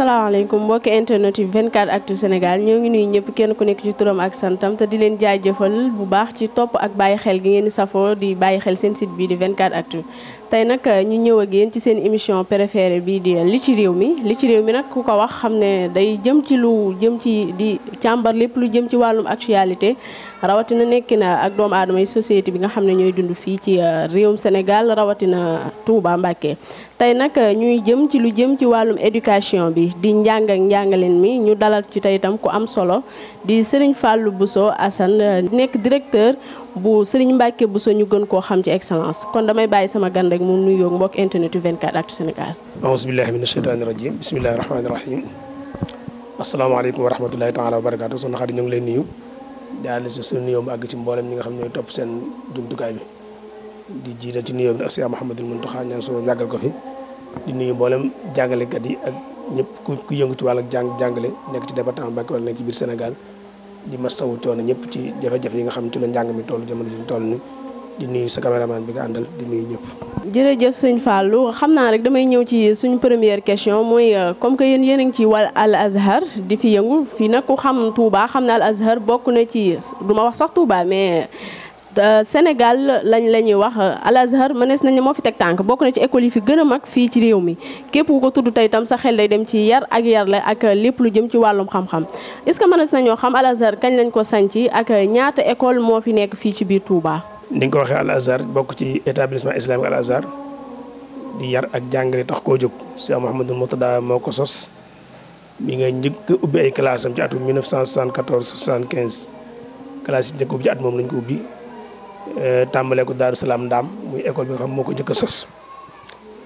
asalaamaaleykum mbokki internet vingt 24 actu Sénégal ñoo ngi nuyu ñëpp kenn ku nekk ci turam ak santam te di leen jëfal bu baax ci topp ak bàyyi xel gi ngeen di safoo di bàyyi xel seen sit bii di 24 actu tey nag euh, ñu ñëw a yéen ci seen émission préférée bii di euh, li ci réew mi li ci réew mi nag ku ko wax xam ne day jëm ci lu jëm ci di càmbar lépp lu jëm ci wàllum actualité. rawatina na ak doomu aadama yi société bi nga xam ne ñooy dund fii ci euh, réewum Sénégal rawatina tuuba Mbacké tey nag euh, ñuy jëm ci lu jëm ci wàllum éducation bi di njàng ak njàngaleen mi ñu dalal ci tey itam ku am solo di Serigne Fallou Bousso Assane euh, nekk directeur bu Serigne Mbacké Bousso ñu gën koo xam ci excellence kon damay bàyyi sama gan rek mu nuyoo mbokk internet yu 24 actu Sénégal. aouzu billahi mina shaytaani rajim bismillahi rahmaani rahim asalaamaaleykum wa rahmatullahi taala wa barakaatu soxna Xadi ñu ngi lay nuyu. daal di suñu nuyoo mu ci mboolem ñi nga xam ñooy topp seen jumtukaay bi di jiital ci nuyoo bi ak Cheikh Mouhamadul Mountakha ñaan suñu yàggal ko fi di nuyu mboolem jàngalekat yi ak ñëpp ku ku yëngu ci wàllu jàng jàngale nekk ci département Mbacké wala nekk ci biir Sénégal di masawu coono ñëpp ci jafe-jafe yi nga xam ci la njàng mi toll jamono ji toll ni di nuyu sa caméraman bi nga àndal di nuyu ñëpp. jërëjëf sëñ Fallou xam naa rek damay ñëw ci suñu première question mooy euh, comme que yéen yéen a ngi ci wàll al azhar di fi yëngu fii nag ku xam Touba xam naa al bokk na ci du ma wax sax Touba mais. Euh, Sénégal lañ la ñuy wax euh, Al Azhar mënees nañ ne moo fi teg tànk bokk na ci école yi fi gën mag fii ci réew mi képp ku ko tudd tey tam sa xel day dem ci yar ak yar la ak lépp lu jëm ci wàllum xam-xam est-ce que mënees nañoo xam Al kañ lañ ko sañc ak ñaata école moo fi nekk fii ci biir Touba. ni nga ko waxee al azhar bokk ci établissement islamique al azhar di yar ak jàngale tax koo jóg Cheikh Mouhamadou Moutada moo ko sos bi nga njëkk ubbi ay classe am ci atum 1974 75 classe yi njëkk ubbi ci at moom lañ ko ubbi euh, tàmbalee ko Daaru Salaam Ndaam muy école bi moo ko njëkk sos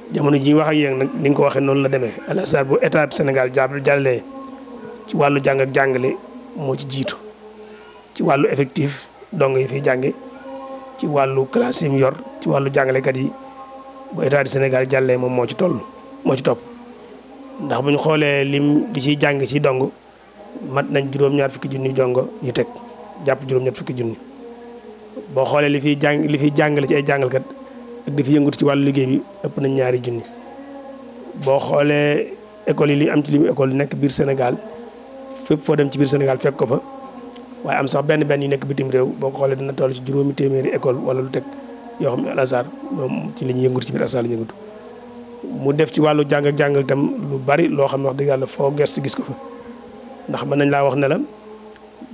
jamono ji wax ak yéen nag ni nga ko waxee noonu la demee al azhar bu état Sénégal jàllalee ci wàllu jàng jàngale moo ci jiitu ci wàllu effectif dong yi fiy ci wàllu classe yi yor ci wàllu jàngalekat yi boo état du Sénégal jàllee moom moo ci toll moo ci topp ndax bu ñu xoolee lim di ciy jàng ci dong mat nañ juróom-ñaar fukki junni jongo ñu teg jàpp juróom-ñaar fukki junni boo xoolee li fiy jàng li fiy jàngale ci ay jàngalkat ak di fi yëngatu ci wàllu liggéey bi ëpp nañ ñaari junni boo xoolee école yi li am ci limu école yi nekk biir Sénégal fépp foo dem ci biir Sénégal fekk ko fa waaye am sax benn benn yu nekk bitim réew boo ko xoolee dina toll ci juróomi téeméeri école wala lu teg yoo xam ne al azhar moom ci li ñuy yëngatu ci biir azhar la ñuy mu def ci wàllu jàng ak jàngal itam lu bari loo xam ne wax dëgg yàlla foo gëstu gis ko fa ndax mën nañ laa wax ne la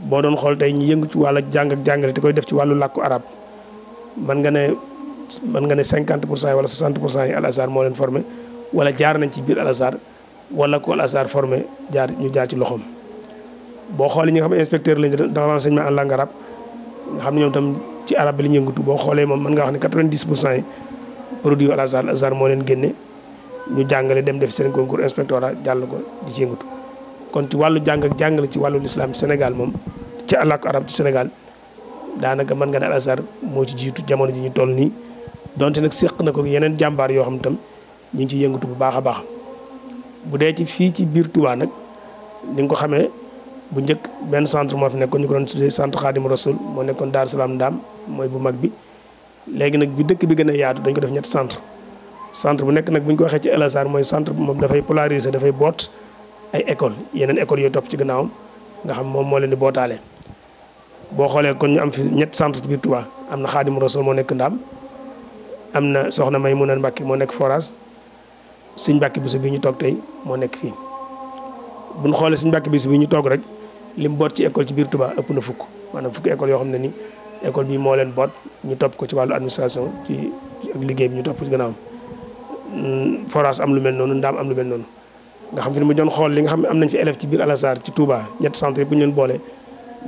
boo doon xool tey ñu yëngu ci wàllu jàng jàngale te koy def ci wàllu làkku arab mën nga ne man nga ne 50 pour cent yi wala 60 pour cent yi al azhar moo leen formé wala jaar nañ ci biir al azhar wala ko al jaar ñu jaar ci loxoom boo xoolee ñu nga xam ne inspecteur lañ dans l'enseignement en langue xam ne ñoom tam ci arabe bi la ñu yëngatu boo xoolee moom mën nga wax ne quatre-vingt-dix pour produit yu al azar moo leen génne ñu jàngale dem def seen concours inspectorat jàll ko di yëngatu kon ci wàllu jàng ak ci wàllu lislaam Sénégal moom ci àlako arab ci Sénégal daanaka mën nga ne al moo ci jiitu jamono ji ñu toll nii donte nag séq na ko yeneen jàmbaar yoo xam tam ñu ngi ciy yëngatu bu baax a baax bu dee ci fii ci biir Touba nag ni ko xame bu njëkk benn centre moo fi nekkoon ñu ko doon tuddee centre Khadim Rasoul moo nekkoon Daaru Salaam Ndaam mooy bu mag bi léegi nag bi dëkk bi gën a yaatu dañ ko def ñett centre centre bu nekk nag bu ñu ko waxee ci El Azhar mooy centre moom dafay polariser dafay boot ay école yeneen école yooyu topp ci gannaaw nga xam moom moo leen di bootaale boo xoolee kon ñu am fi ñett centre ci biir Touba am na Khadim Rasoul moo nekk Ndaam am na soxna Maymuna Mbàkke moo nekk forage Sëñ Mbàkke Bousso bi ñu toog tey moo nekk fii buñ xoolee Sëñ Mbàkke Bousso bi ñu toog rek li mu boot ci école ci biir Touba ëpp na fukk maanaam fukki école yoo xam ne nii école bi moo leen boot ñu topp ko ci wàllu administration ci ak liggéey bi ñu topp ci gannaawam mm, forage am lu mel noonu ndaam am lu mel noonu nga xam fi ne mu ñoon xool li nga xam ne am nañ fi élève ci biir Alassar ci Touba ñetti centre yi bu ñu leen boole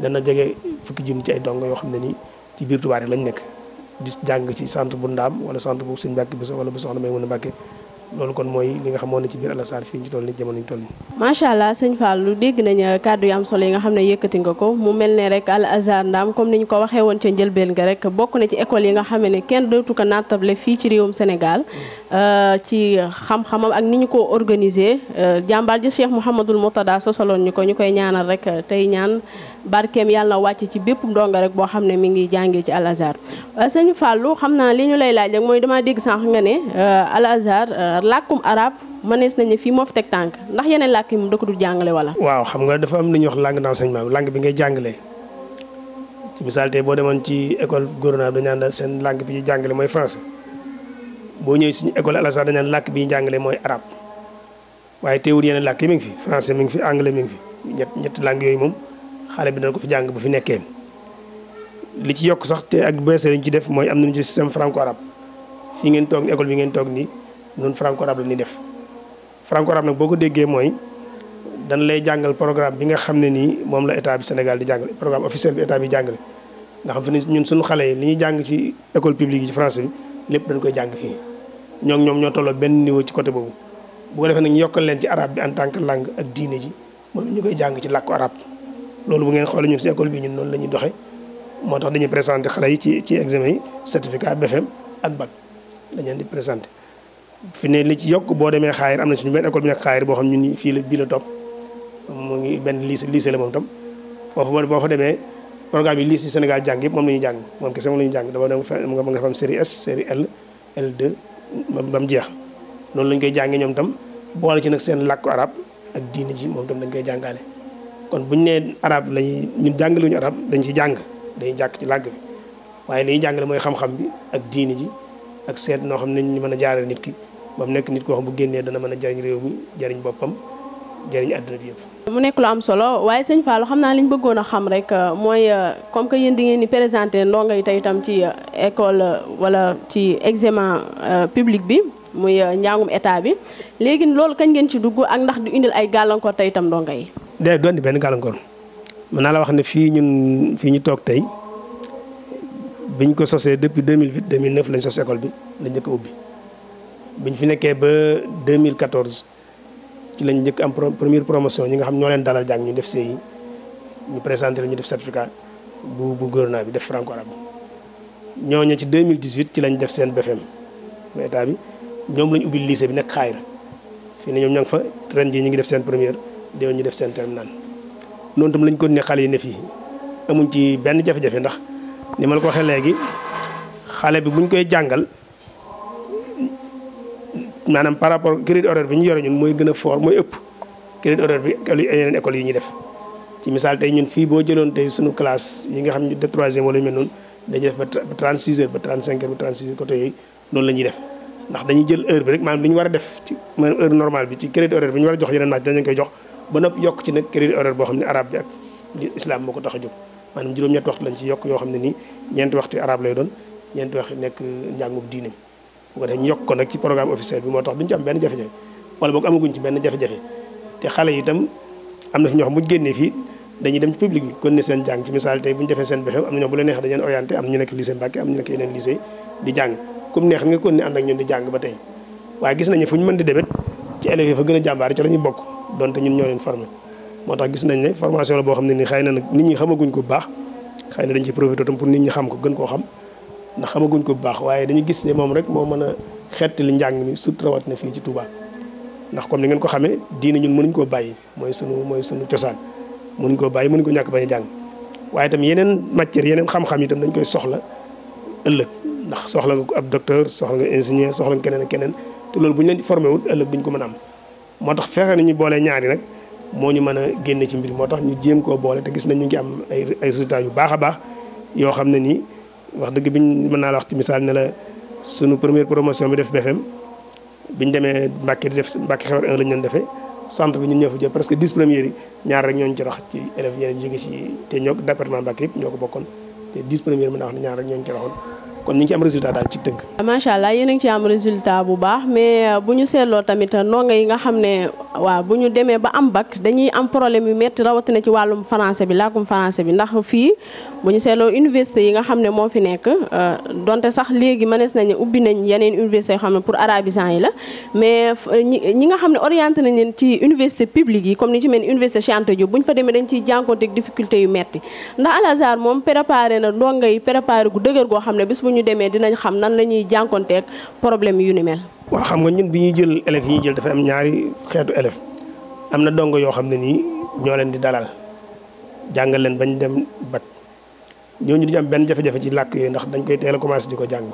dana jege fukki junni ci ay dongo yoo xam ne nii ci biir Touba rek lañ nekk di jàng ci centre bu ndaam wala centre bu Sëñ Mbàkke Bousso wala bu Soxna Maymuna Mbàkke loolu kon mooy li nga xam moo ne ci biir àlasaar fii ñu toll ni jamono ñu toll nii macha dégg nañ euh, kàddu yu am solo yi nga xam ne yëkkati nga ko mu mel ne rek Al Azhar Ndaam comme ni ñu ko waxee woon ca njëlbeen nga rek bokk na ci école yi nga xam ne kenn dootu ko nattable fii ci réewum Sénégal mm. euh, ci xam-xamam ak ni ñu ko organiser euh, jàmbaar ji Cheikh Mouhamadul Mourtada sosoloon ñu ko ñu koy ñaanal rek tey ñaan barkeem yàlla na wàcc ci bépp ndongo rek boo xam ne mi ngi jàngee ci Al Azhar euh, sëñ Fallou xam naa li ñu lay laaj rek mooy damaa dégg sànq nga ne euh, Al Azhar euh, làkkum arab mënees nañu fii moo teg tànk ndax yeneen làkk yi mu dëkk du jàngale wala. waaw xam nga dafa am lu ñuy wax langue d'enseignement langue bi ngay jàngalee ci misaal boo demoon ci école gouvernement dañu naan seen langue bi ñuy jàngale mooy français boo ñëwee suñu école Al Azhar dañu naan làkk bi ñuy jàngale mooy arab waaye teewul yeneen làkk yi mi ngi fi français mi ngi fi anglais mi ngi fi ñett ñetti langue yooyu moom xale bi dana ko fi jàng bu fi nekkee li ci yokk sax te ak bees lañ ci def mooy am nañu ci système franco arabe fii ngeen toog école bi ngeen toog nii noonu franco arabe ñuy def franco arabe nag boo ko déggee mooy dañ lay jàngal programme bi nga xam ne nii moom la état bi Sénégal di jàngale programme officiel bi état bi jàngale nga xam fi ne ñun suñu xale yi li ñuy jàng ci école publique yi ci france bi lépp dañ koy jàng fii ñoo ñoom ñoo tolloo benn niveau ci côté boobu bu ko defee nag ñu yokkal leen ci arabe bi en tant que langue ak diine ji moom ñu koy jàng ci làkku arabe loolu bu ngeen xoolee ñun si école bi ñun noonu la ñuy doxee moo tax dañuy présenté xale yi ci ci examen yi certificat BFM e ak BAC dañ leen di présenté. fi ne li ci yokk boo demee xaayir am na suñu benn école bi nekk xaayir boo xam ñun fii la bii la topp mu ngi benn lycée lycée la moom tam foofu boo fa demee programme yi lycée Sénégal jàng yëpp moom la ñuy jàng moom kese moom la jàng dafa dem nga mën nga fa am série S série L l jeex noonu lañ koy jàngee ñoom tam boole ci nag seen làkku arab ak diine ji moom tam dañ koy jàngaale kon bu ñu nee arab lañuy ñun jàngale wuñu arab dañ ci jàng dañuy jàkk ci làgg bi waaye li ñuy jàngale mooy xam-xam bi ak diini ji ak seet noo xam ne ñu mën a jaarale nit ki ba mu nekk nit koo bu génnee dana mën a jariñ réew mi jariñ boppam jariñ àdduna yëpp. mu nekk lu am solo waaye sëñ Fallou xam naa li ñu bëggoon a xam rek euh, mooy euh, comme que yéen di ngeen di présenté ndongo yi tey itam ci euh, école wala ci examen public bi muy njàngum état bi léegi loolu kañ ngeen ci dugg ak ndax di indil ay gàllankoor tey itam ndongo yi. day doon benn gàllankoor mën naa la wax ne fii ñun fii ñu toog tey bi biñ ko sosee depuis 2008 2009 lañ sos école bi lañ njëkk a ubbi biñ fi nekkee ba 2014 ci lañ njëkk am première promotion ñi nga xam ñoo leen dalal jàng ñu def CI ñu présenté la ñu def certificat bu bu gouvernement bi def franco arabe ñooñu ci 2018 ci lañ def seen BFM ba état bi ñoom lañ ubbi lycée bi nekk xaayra fii ne ñoom ña nga fa ren jii ñu ngi def seen première déwén ñu def seen terminal noonu tam lañ ko ne xale yi ne fii amuñ ci benn jafe-jafe ndax ni ma la ko waxee léegi xale bi bu buñ koy jàngal maanaam par rapport crédit horaire bi ñu yore ñun mooy gën a fort mooy ëpp crédit horaire bi yeneen école yi ñu def ci misaal tey ñun fii boo jëloon tey suñu classe yi nga xam ne de troisième wala yu mel noonu dañuy def ba 36 heures ba ba 36 heures côté yooyu noonu la ñuy def ndax dañuy jël heure bi rek maanaam ñu war a def ci maanaam heure normale bi ci crédit horaire bi ñu war a jox yeneen naaj dañu koy jox ba noppi yokk ci nag crédit horaire boo xam ne arabe bi ak islam moo ko tax a jóg maanaam juróom lañ ci yokk yoo xam ne nii ñeenti waxtu arabe lay doon ñeenti wax nekk njàngum diine bu ko ko nag ci programme officiel bi moo tax duñ ci am benn jafe-jafe wala boog amaguñ ci benn jafe-jafe yi itam am na fi ñoo xam bu ñu génnee fii seen jàng ci misaal tey bu seen BFEM am na ñoo bu leen neex dañu leen orienté am ñu nekk lycée Mbacké am ñu nekk yeneen lycée di jàng comme di jàng ba tey waaye gis nañu fu ñu mën di debet ci élèves fa gën a jàmbaar ci la ñu bokk donte ñun ñoo leen formé moo tax gis nañ ne formation la boo xam ne nii xay na nag nit ñi xamaguñ ko bu baax xëy na dañ ci profité tam pour nit ñi xam ko gën koo xam ndax xamaguñ ko bu baax waaye dañu gis ne moom rek moo mën a xetti li njàng mi surtout rawat na fii ci Touba ndax comme ni ngeen ko xamee diine ñun mënuñ koo bàyyi mooy sunu mooy sunu cosaan mënuñ koo bàyyi mënuñ ko ñàkk bañ a jàng waaye itam yeneen matière yeneen xam-xam itam dañ koy soxla ëllëg ndax soxla nga ab docteur soxla nga ingénieur soxla nga keneen ak keneen te loolu bu ñu formé wut ëllëg duñ ko mën a am moo tax fexe nañu boole ñaari rek moo ñu mën a génne ci mbir moo tax ñu jéem koo boole te gis nañ ñu ngi am ay ay résultats yu baax a baax yoo xam ne nii wax dëgg bi ñu mën naa la wax ci misaal ne la sunu première promotion bi def BFM biñ demee Mbàkke di def Mbàkke xewar 1 lañ leen defee centre bi ñun ñoo fa jël presque 10 premières yi ñaar rek ñooñu ci rax ci élèves yeneen jóge ci te ñoo département Mbàkke yëpp ñoo ko bokkoon te 10 premières mën ñaar rek ñooñu ci raxoon kon ñu ngi ci am résultat daal ci tënk. macha allah yéen a ngi ci am résultat bu baax mais euh, bu ñu seetloo tamit euh, ndongo yi nga xam ne waaw bu ñu demee ba am bac dañuy am problème yu métti rawatina ci wàllum français bi làkkum français bi ndax fii bu ñu seetloo yi nga xam ne moo fi nekk euh, donte sax léegi mënees nañu ubbi nañ yeneen université yoo xam ne pour arabisant yi la mais ñi nga xam ne orienté nañ leen ci ni ci mel université Cheikh Anta Diop fa demee dañ ciy jànkuwanteeg difficulté yu métti ndax Al moom préparé na ndongo yi préparé gu dëgër goo xam ne bis bu bu ñu demee dinañ xam nan la ñuy jànkonteeg problème yu ni mel. waaw xam nga ñun bi ñuy jël élèves yi ñuy jël dafa am ñaari xeetu élèves am na dongo yoo xam ne nii ñoo leen di dalal jàngal leen bañ dem bat ñooñu di am benn jafe-jafe ci làkk yooyu ndax dañ koy teel a commencé di ko jàng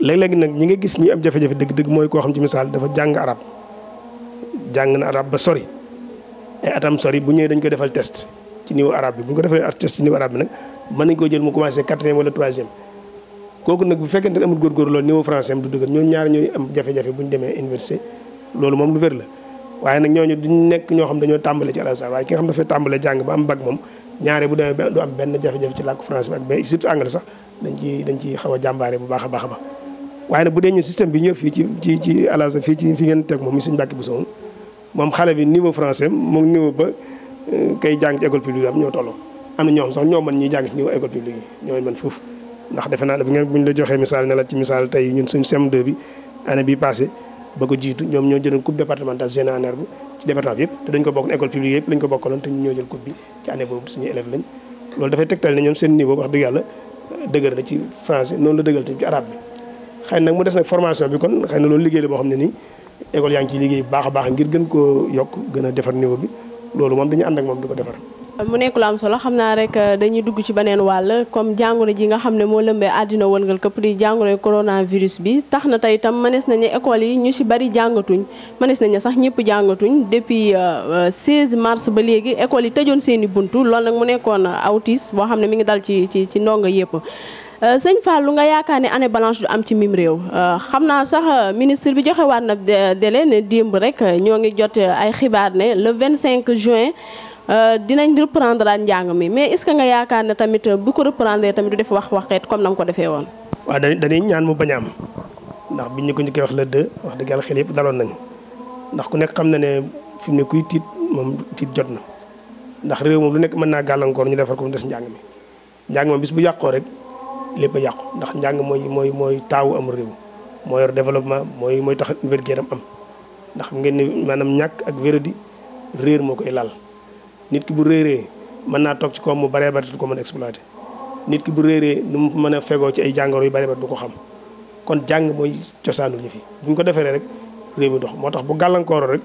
léeg-léeg nag ñi nga gis ñi am jafe-jafe dëgg-dëgg mooy koo xam ci misaal dafa jàng arab jàng na arab ba sori ay atam sori bu ñëwee dañ koy defal test ci niveau arab bi bu ñu ko defee test ci niveau arabe bi nag mën nañ koo jël mu commencé quatrième wala troisième kooku nag bu fekkente ne amul góorgóor loolu niveau français am du dëgër ñoom ñaar ñooy am jafe-jafe bu ñu demee université loolu moom lu wér la waaye nag ñooñu duñ nekk ñoo xam dañoo tàmbale ci alasar waaye ki nga xam dafay tàmbale jàng ba am bac moom ñaare bu demee du am benn jafe-jafe ci làkku bi ak ba surtout sax dañ ci dañ ci xaw a jàmbaare bu baax a baax a baax waaye nag bu dee bi ñëw fii ci ci ci alasar fii ci fi ngeen teg moom mi suñu mbàkki bu sow moom xale bi niveau français moom niveau ba euh, kay jàng ci école publique am ñoo tolloo am na ñoo xam sax ñoo mën ñuy jàng ci niveau école publique yi ñooy mën foofu ndax defe naa ne bu ngeen bu ñu la joxee misaal ne ci misaal tey ñun suñu CM2 bi année bii passé ba ko jiitu ñoom ñoo jëloon coupe départementale générale bu ci département bi yëpp te dañ ko bokk école publique yëpp lañ ko bokkaloon te ñu ñoo jël coupe bi ci année boobu suñu élève lañ loolu dafay tegtal ne ñoom seen niveau wax dëgg yàlla dëgër na ci français noonu la dëgëral tamit ci bi xëy nag mu des nag bi kon xëy na loolu liggéey la xam ne nii école yaa ngi ciy a baax ngir gën koo yokk gën a defar niveau loolu moom dañu ànd moom di ko defar mu nekk lu am solo xam naa rek euh, dañuy dugg ci beneen wàll comme jàngoro ji nga xam ne moo lëmbee àddina woon wëngal këpp di jàngoro coronavirus bi tax na tey itam mënees nañu école yi ñu si bari jàngatuñ mënees nañu sax ñëpp jàngatuñ depuis 16 euh, euh, mars ba léegi école yi tëjoon seeni i buntu loolu nag mu nekkoon autis boo xam ne mu ngi dal ci ci ci ndongo yëpp. sëñ Fall lu nga yaakaar ni année blanche du am ci mim réew xam naa sax ministre bi joxe waat na délai démb rek ñoo ngi jot ay xibaar ne le 25 juin. Euh, dinañ reprendre daan njàng mi mais est nga yaakaar ne tamit bu ko reprendre tamit du def wax waxeet comme na nga ko defee woon. waaw dañuy ñaan mu bañ am ndax biñ ñu ko ñu njëkkee wax la dë wax dëgg yàlla xel yëpp daloon nañu ndax ku nekk xam na ne fi mu ne kuy tiit moom tiit jot na ndax réew moom lu nekk mën naa gàllankoor ñu defar ko mu des njàng mi njàng moom bis bu yàqoo rek lépp a yàqu ndax njàng mooy mooy mooy taawu am réew moo yor développement mooy mooy tax wér gu am ndax xam ngeen ni maanaam ñàkk ak wéradi réer moo koy lal nit ki bu réeree mën naa toog ci koom mu baree bari du ko mën a exploité nit ki bu réeree nu mu mën a fegoo ci ay jàngoro yu baree bari du ko xam kon jàng mooy cosaanu ñu fi bu ñu ko defee rek réew mi dox moo tax bu gàllankoor rek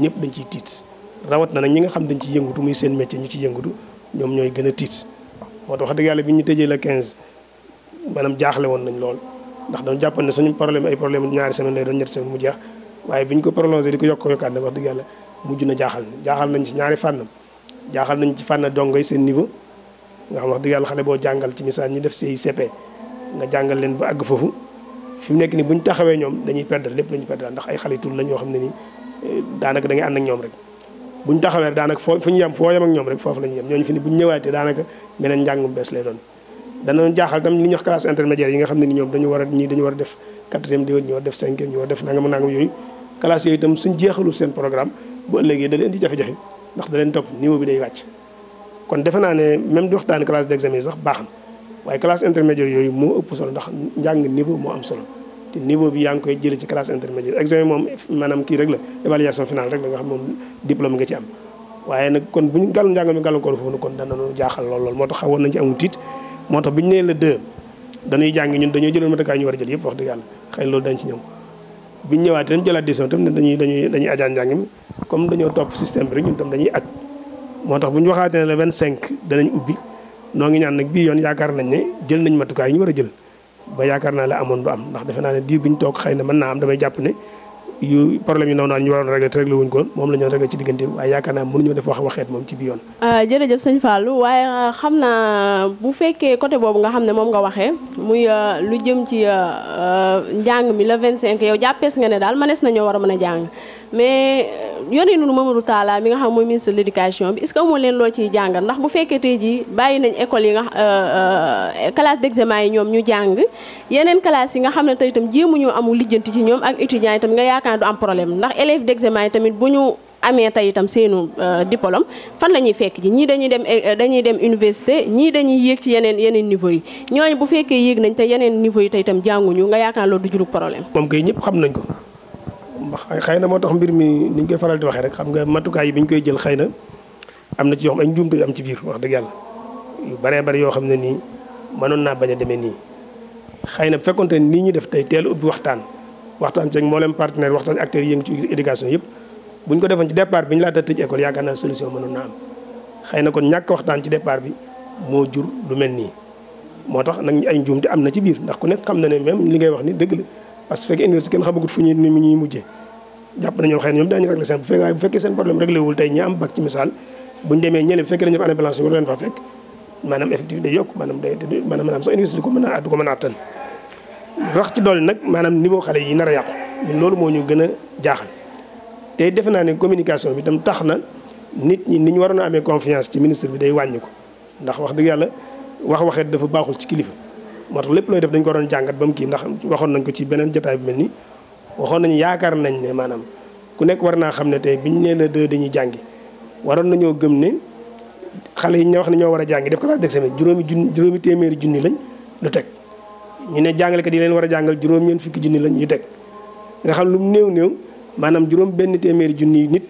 ñëpp dañ ciy tiit rawat na nag ñi nga xam dañ ciy yëngatu muy seen métier ñu ci yëngatu ñoom ñooy gën a tiit moo tax wax dëgg yàlla bi ñu tëjee la 15 maanaam jaaxle woon nañ lool ndax dañu jàppoon ne suñu problème ay problème ñaari semaine lay doon ñetti semaine mu jeex waaye bi ñu ko prolongé ko yokk yokkaat nag wax dëgg jaaxal nañ ci ñaari fànnam jaaxal nañu ci fànn dongo yi seen niveau nga xam wax dëgg yàlla xale boo jàngal ci misaal ñi def CICP nga jàngal leen ba àgg foofu fi mu nekk ni bu ñu taxawee ñoom dañu perdre lépp la ñuy perdre ndax ay xale xam ne ni eh, daanaka da ngay ànd ñoom rek ñu taxawee daanaka foo fu ñu yem foo yem ñoom rek foofu la ñuy yem ñooñu fi ne bu ñu ñëwaatee daanaka meneen njàngum bees lay doon danañ jaaxal tam li ñuy wax classe yi nga xam ne ni ñoom dañu war a ñii dañu war a def quatrième di ñu war a def cinquième ñu a def nangam nangam yooyu classe yooyu itam suñ jeexalul seen programme bu ëllëgee da leen di jafe-jafe ndax da leen topp niveau bi day wàcc kon defe naa ne même di waxtaan classe d'examen yi sax baax na waaye classe intermédiaire yooyu moo ëpp solo ndax njàng niveau moo am solo te niveau bi yaa ngi koy jëlee ci classe intermédiaire examen moom maanaam kii rek la évaluation finale rek la nga xam moom diplôme nga ci am waaye nag kon bu ñu gàllu njàng mi gàllankoor foofu kon danañu jaaxal lool lool moo tax xawoon nañ ci amul tiit moo tax bi ñu nee war a jël yëpp wax dëgg yàlla xëy dañ ci ñëw bi ñu ñëwaatee dañu jëlaat décision tam ne dañuy dañuy dañuy ajaan njàng mi comme dañoo topp système bi rek ñun tam dañuy aj moo tax bu ñu waxaatee ne le cinq danañ ubbi noo ngi ñaan nag bii yoon yaakaar nañ ne jël nañ matukaay ñu war a jël ba yaakaar naa la amoon du am ndax defe naa ne diir bi ñu toog xëy na mën naa am damay jàpp ne yu problème yi noonu ñu waroon régler te réglé waaye yaakaar naa mënuñoo def wax waxeet moom ci bi yoon euh, jërëjëf sëñ Fallou waaye euh, xam naa bu fekkee côté boobu nga xam ne moom nga waxee muy euh, lu jëm ci njàng mi la cinq yow jàppees nga ne daal manees nañoo war a mën a jàng mais nu ma Mamadou Talla mi nga xam mooy ministre de l'éducation bi est-ce que amoo leen loo ciy jàngal ndax bu fekkee tey ji bàyyi nañ école yi nga euh, euh, classe d'examen yi ñoom ñu jàng yeneen classe yi nga xam ne tey itam jéemuñoo amul lijjanti ci ñoom ak étudiants yi nga yaakaar du am problème ndax élèves d'examen yi tamit bu ñu amee tey itam seenu euh, diplôme fan la ñuy fekk ji ñii dañuy dem dañuy dem université ñii dañuy yéeg ci yeneen yeneen niveau yi ñooñu bu fekkee yéeg nañ te yeneen niveau yi tey itam jànguñu nga yaakaar loolu du jurug problème. ñëpp xam nañ ko. xëy na moo tax mbir mi ni ñu koy faral di waxee rek xam nga matukaay bi ñu koy jël xay na am na ci yoo xam ay njuumte yu biir wax dëgg yàlla yu baree bari yoo xam ne nii mënoon naa bañ a demee nii xëy na fekkonte ni nii ñu def tey teel ubbi waxtaan waxtaan ceeg mboolem partenaire waxtaan acteurs yi yëngu ci éducation yëpp buñ ko defoon ci départ bi ñu laata tëj école yaakaar naa solution mënoon naa am xëy na kon ñàkk waxtaan ci départ bi moo jur lu mel nii moo tax nag ay njuumte am na ci biir ndax ku nekk xam na ne même li ngay wax ni dëgg la parce que fekk université kenn xamagut ni mu ñuy mujjee jàpp na ñoom xëy na ñoom daañu réglé seen bu fekkee seen problème réglé wul tey ñi am bac ci misaal buñ demee ñële bu fekkee dañu def année blanche war leen faa fekk maanaam effectif day yokk maanaam day maanaam maanaam sax université du ko mën a attan rax ci doole nag maanaam niveau xale yi nar a yàqu ñun loolu moo ñu gën a jaaxal te defe naa ne communication bi itam tax na nit ñi ni ñu waroon a amee confiance ci ministre bi day wàññi ko ndax wax dëgg yàlla wax waxeet dafa baaxul ci kilifa moo tax lépp looy def dañ ko doon jàngat ba mu kii ndax waxoon nañ ko ci beneen jotaay mel ni waxoon nañu yaakaar nañ ne maanaam ku nekk war naa xam ne tey biñ nee la deux dañuy jàngi waroon nañoo gëm ne xale yi ñoo wax ne ñoo war a jàngi def ko classe d'examen juróomi junni juróomi téeméeri junni lañ lu teg ñu ne jàngalekat yi leen war a jàngal juróom ñeent fukki junni lañ ñu teg nga xam lu mu néew néew maanaam juróom benn téeméeri junni nit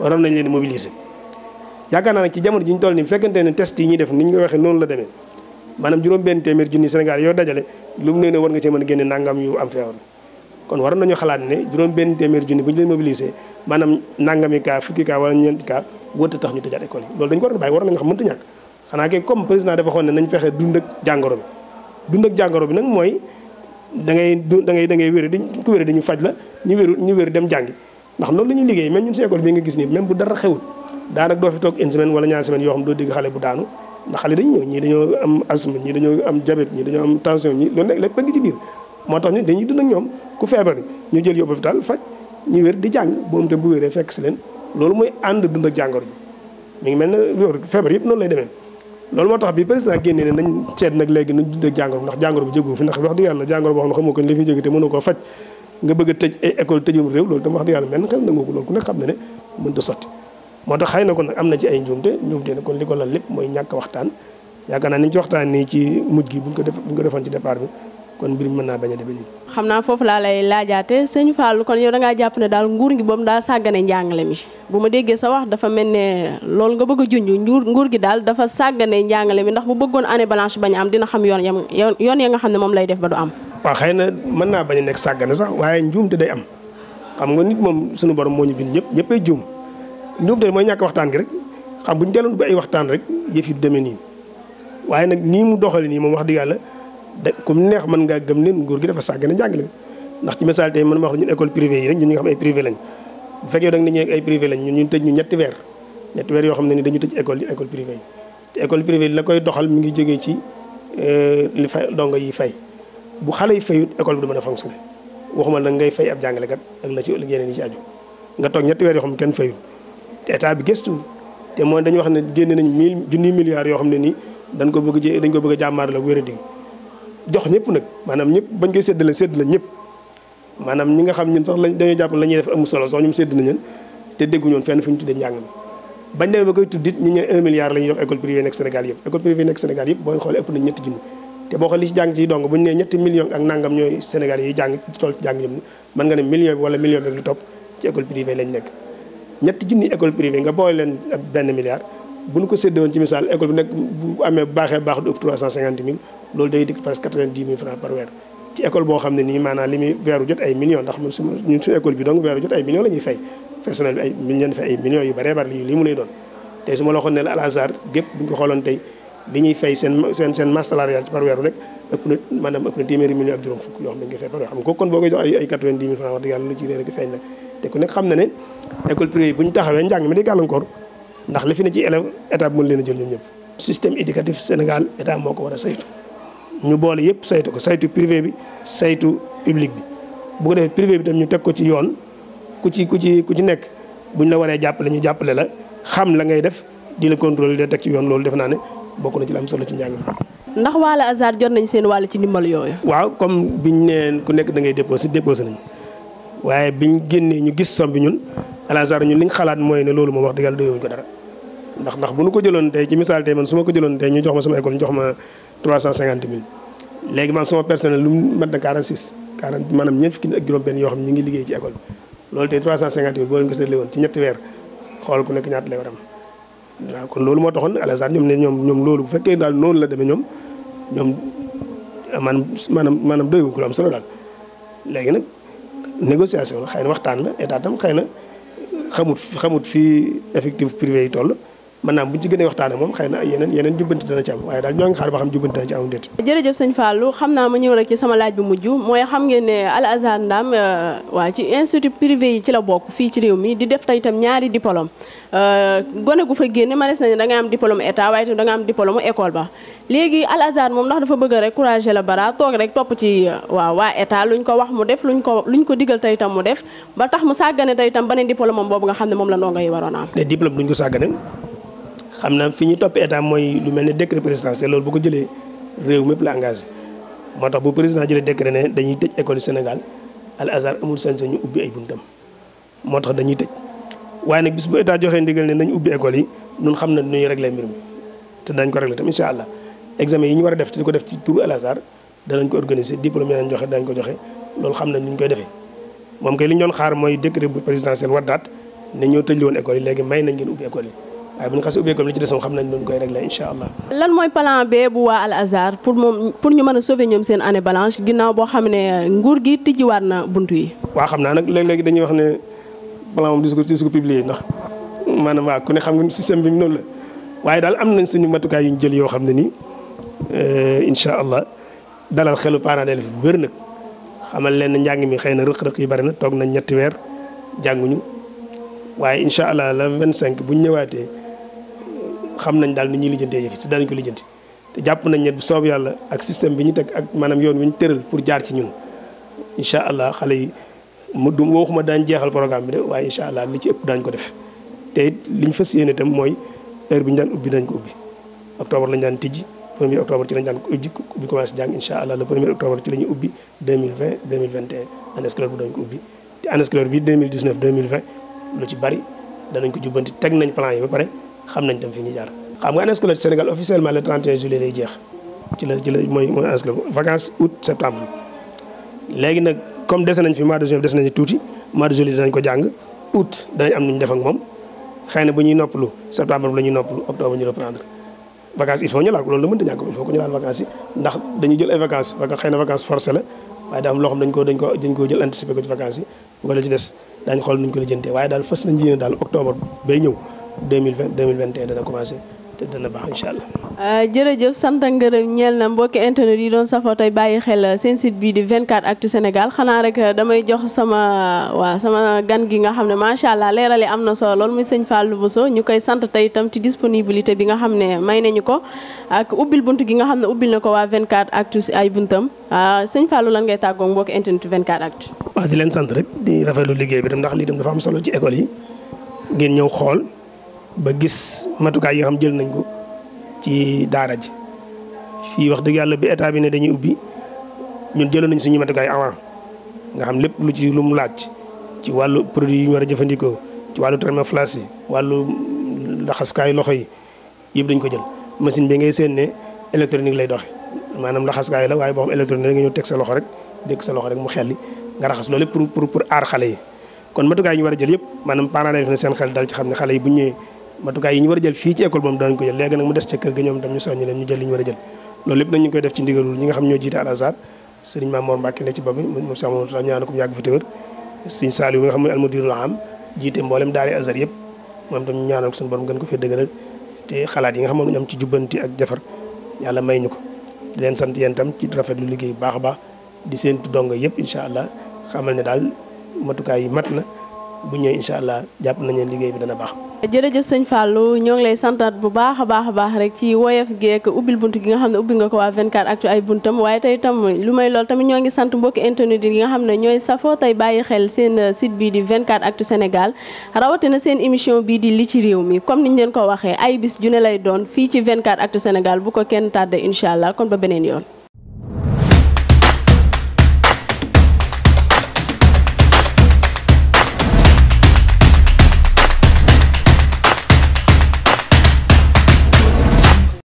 waroon nañ leen mobiliser yaakaar naa nag ci jamono ji ñu toll nii bu fekkente ne test yi ñuy def ni ñu ko waxee noonu la demee maanaam juróom benn téeméeri junni Sénégal yoo dajale lu mu ne war nga cee mën a nangam yu am feebar kon waroon nañu xalaat ne juróom benn téeméer junni bu ñu leen mobilisé maanaam nangami kaa fukki kaa wala ñeenti kaa wërta tax ñu tëjaat école yi loolu dañ ko war a bàyyi war nañu xam mënta ñàkk xanaa kay comme jàngoro bi dund mooy da ngay du da ngay da ngay wér di dañu faj la ñu wéru ñu wéru dem jàngi ndax loolu la liggéey même ñun si école bi nga gis nii même bu dara xewul daanaka doo fi toog une semaine wala ñaari semaine yoo xam doo dégg xale bu daanu ndax xale dañu ñëw ñii dañoo am asthme ñii dañoo am diabète ñii dañoo am tension ñii loolu lépp a ngi moo tax ñu dañuy dund ak ñoom ku feebar ñu jël yóbbu daal faj ñu wér di jàng boom te bu wéree fekk si leen loolu mooy ànd dund ak jàngoro ji mi ngi mel ne loolu feebar yëpp noonu demee loolu moo tax bi président génnee ne nañ seet nag léegi nañ dund ak jàngoro ndax jàngoro bu jógu fi ndax wax dëgg yàlla jàngoro boo xam ne xamoo ko li fi jóge te mënu koo a tëj ay école tëjum réew loolu tam wax dëgg yàlla mel na xel nangu ko loolu moo tax xëy na kon nag am na ci ay njuumte njuumte ne kon li ko lal lépp mooy ñàkk waxtaan yaakaar naa ni ci waxtaan nii ci muj gi buñ ko def buñ defoon ci départ bi kon mbir mi mën naa bañ a demee nii. xam naa foofu laa lay laajaate sëñ Fallou kon yow da ngaa jàpp ne daal nguur gi boobu daa sàggane njàngale mi bu ma déggee sa wax dafa mel ne loolu nga bëgg a junj nguur gi daal dafa sàggane njàngale mi ndax bu bëggoon année blanche bañ am dina xam yoon yam yoon ya nga xam ne moom lay def ba du am. waaw xay na mën naa bañ a nekk sàggane sax waaye njuum njuumte day am xam nga nit moom sunu borom moo ñu bind ñëpp ñëppay juum njuumte mooy ñàkk waxtaan gi xam bu ñu delloon ay waxtaan rek yëf demee nii waaye nag nii mu doxale nii moom wax dëgg yàlla da kum neex mën ngaa gëm ne nguur gi dafa sàgg na njàngale ndax ci misaal tey mën ma wax ñun école privée yi rek ñun ñi nga xam ay privé lañ bu fekkee da nga ñu ay privé lañ ñun tëj ñu ñetti weer ñetti weer yoo xam ne ni dañu tëj école yi école privée yi te la koy doxal mi ngi jógee ci euh, li fay dongo yi fay bu xale yi fayut école bi du mën a fonctionné waxuma la ngay fay ab jàngalekat ak la ci ci aju nga toog ñetti weer yoo xam ne kenn fayut te état bi gëstu te mooy dañu wax ne génne nañ mille junni milliards yoo xam ne ni dañ ko bëgg dañ ko bëgg jàmmaar la wér a dig jox ñëpp nag maanaam ñëpp bañ koy séddale sédd la ñëpp maanaam ñi nga xam ñun sax lañ dañoo jàpp la ñuy def amul solo sax mu sédd nañu te dégguñoon fenn fu ñu tuddee njàng mi bañ demee ba koy tuddit ñu ne 1 milliard la yëpp école privée nekk Sénégal yëpp booy xoole ëpp nañ ñetti junni te boo xool li ci jàng ci dong bu ñu nee ñetti million ak nangam ñooy Sénégal yi jàng tool ci jàng ñoom mën nga ne million bi wala million bi ak lu topp ci école privée lañ nekk ñetti junni école privée nga booy leen ab benn milliard bu ñu ko séddewoon ci misaal école bi nekk bu amee baaxee baax du ëpp trois cent cinquante mille loolu day dikk presque quatre-vingt-dix mille francs par weer ci école boo xam ne nii maanaam li muy weeru jot ay millions ndax man suñu ñun école bi donc weeru jot ay millions la ñuy personnel bi ay ñun yu bëree bëri lii mu lay doon tey su ma la waxoon ne gépp bu ko xooloon tey li ñuy fay seen seen seen ci par weer rek ëpp téeméeri million ak juróom ndax li ci élève état bi mën leen a jël ñoom ñëpp. système éducatif Sénégal état moo ko war a saytu ñu boole yëpp saytu ko saytu privé bi saytu public bi bu ko defee privé bi tam ñu teg ko ci yoon ku ci ku ci ku ci nekk buñ la waree jàppale ñu jàppale la xam la ngay def di la contrôler di teg ci yoon loolu def naa ne bokk ci la am solo ci njàng mi. ndax waa la Azhar jot nañ seen wàll ci ndimbal yooyu. waaw comme biñ neen ku nekk da ngay déposé déposé nañu waaye biñ génnee ñu gis som bi ñun Al xalaat mooy ne loolu moom wax dëgg yàlla doyewuñ dara. ndax ndax bu nu ko jëloon tey ci misaal tey man su ma ko jëloon tey ñu jox ma sama école ñu jox ma 350 000 léegi maanaam sama personnel lu mat na 46 40 maanaam ñeent fukki ak juróom-benn yoo ci loolu tey 350 000 boo leen ko ñetti weer xool ku nekk ñaata lay a am waaw kon loolu moo taxoon à ñoom ne ñoom ñoom loolu bu fekkee daal noonu la demee ñoom ñoom maanaam maanaam maanaam doyul ku am solo daal. léegi nag négociation la xëy na waxtaan la état tam xëy na xamut xamut fii effectif privé yi toll mën naa buñ ci gën a waxtaane moom xëy na yeneen yeneen jubbanti dana ci am waaye daal ñoo ngi xaar ba xam jubbanti dana ci am sëñ Fallou xam naa ma ñëw rek ci sama laaj bu mujj mooy xam ngeen ne Al Azhar Ndam euh, waa ci institut privé yi ci la bokk fii ci réew mi di def tey itam ñaari diplôme euh, gone gu fa génne manees nañu da nga am diplôme état waaye itam da nga am diplôme école ba léegi Al moom ndax dafa bëgg rek courage la bara toog rek topp ci euh, waaw waa état luñ ko wax mu def luñ ko luñ ko digal tey itam mu def ba tax mu sàggane tey itam beneen diplôme moom boobu nga xam ne moom la ndongo yi waroon am xam na fi ñu topp état mooy lu mel ne décret présidentiel loolu bu ko jëlee réew mépp la engagé moo tax bu président jëlee décret ne dañuy tëj école Sénégal al azar amul sañ-sañ ñu ubbi ay buntam moo tax dañuy tëj waaye nag bis bu état joxee ndigal ne nañ ubbi école yi ñun xam na nu ñuy réglé mbir mi te dañ ko réglé tam incha allah examen yi ñu war a def te di ko def ci turu al azar danañ ko organiser diplôme yi nañ joxe dañ ko joxe loolu xam nañ ni ñu koy defee moom kay xaar mooy décret bu présidentiel war daat ne may nañ ngeen ubbi yi waaye bu ñu xasee ubbeekoom li ci des moom xam nañ ñu koy mooy plan Al Azhar pour moom pour ñu mën a sauver ñoom seen année blanche ginnaaw boo xam ne nguur gi tijjiwaat na buntu yi. waaw xam naa nag léeg-léeg dañuy wax ne plan moom di ko di su ko maanaam waa ku ne xam nga système bi noonu la waaye daal am nañ suñu matukaay yu ñu jël yoo xam ne nii euh, incha allah dalal xelu parents d'élèves bu wér nag xamal leen njàng mi xëy na rëq-rëq yi bari na toog nañ ñetti weer jànguñu waaye incha allah le 25 bu ñu ñëwaatee. xam nañ daal ni ñuy lijjantee fi te danañ ko lijjanti te jàpp nañ ne bu soob yàlla ak système bi ñu teg ak maanaam yoon wi ñu tëral pour jaar ci ñun incha allah xale yi mu du waxuma daañ jeexal programme bi de waaye incha allah li ci ëpp daañ ko def te it li ñu fas yéene itam mooy heure bi ñu daan ubbi dañ ko ubbi octobre lañu daan tijji premier octobre ci lañu daan ubbi bi commencé jàng incha allah le premier octobre ci la ubbi 2020 2021 année danañ ko jubbanti teg nañ plan yi ba pare xam nañ tam fi ñu jaar xam nga année scolaire Sénégal officiellement le 31 juillet jeex ci la ci mooy mooy année scolaire vacances août septembre léegi nag comme dese nañ fi mois de juin des nañu tuuti mois de ko jàng août danañ am nañ def ak moom xëy na bu ñuy noppalu septembre bi la ñuy noppalu octobre ñu reprendre vacances il faut ñu laal ko loolu la mënta ñàkk il faut que ñu laal vacances yi ndax dañuy jël ay vacances vacances na vacances forcées la waaye daa am ko dañ ko dañ ko jël anticiper ko ci vacances yi wala xool nuñ ko lijjantee waaye daal fas nañ yéene daal octobre bay ñëw deux mille vingt deux mille vingt et un dana commencé te euh, sant ak ngërëm na mbokki internet yi doon safoo tey bàyyi xel euh, seen site bii di 24 actu Sénégal xanaa rek euh, damay jox sama waa sama gan gi nga xam ne macha allah leeral am na solo lool muy sëñ Fallou Bousso ñu koy sant tey itam ci disponibilité bi nga xam ne may nañu ko ak ubbil bunt gi nga xam ne ubbil na ko waa 24 actu si ay buntam sëñ Fallou lan ngay tàggoo mbokki internet 24 actu. waaw di leen sant rek di rafetlu liggéey bi tam ndax lii tam dafa am solo ci école yi ngeen ñëw xool. ba gis matukaay yoo xam jël nañ ko ci daara ji fii wax dëgg yàlla bi état bi ne dañuy ubbi ñun jëloon nañ suñu matukaay avant nga xam lépp lu ci lu mu laaj ci wàllu produit yi ñu war a jëfandikoo ci wàllu thermoflash yi wàllu laxaskaayu loxo yi yëpp dañ ko jël machine bi ngay seen ne électronique lay doxe maanaam laxaskaay la waaye boo xam électronique la nga ñëw teg sa loxo rek dégg sa loxo rek mu xelli nga raxas loolu pour pour pour aar xale yi kon matukaay a jël yëpp maanaam parents xam ne xale yi bu ñëwee matukaay yi ñu war a jël fii ci école moom danañ ko jël léegi nag mu des ca kër ñoom tam ñu soññi leen ñu jël li war a jël loolu lépp nag ñu koy def ci ndigalul ñi nga xam ñoo jiite Al sëriñ Maam Mor Mbàkke ne ci bopp ko mu yàgg fi téwér gën ko fee dëgëral te xalaat yi nga xam ne am ci jubbanti ak jafar yàlla may ñu ko di leen sant yéen tam ci rafet lu liggéey bu baax a baax di seentu dongo yëpp incha allah xamal ne daal matukaay yi mat na bu ñëwee incha allah jàpp nañu liggéey bi dana baax. jërëjëf sëñ Fallou ñoo ngi lay santaat bu baax a baax a baax rek ci woyof geek ubbil bunt gi nga xam ne ubbil nga ko waa 24 actu ay buntam waaye tey tam lu may lool tamit ñoo ngi sant mbokki internet yi nga xam ne ñooy safoo tey bàyyi xel seen uh, sit bii di 24 actu Sénégal rawatina seen émission bii di li ci réew mi comme niñ leen ko waxee ay bis ju ne lay doon fii ci 24 actu Sénégal bu ko kenn tàddee incha allah kon ba beneen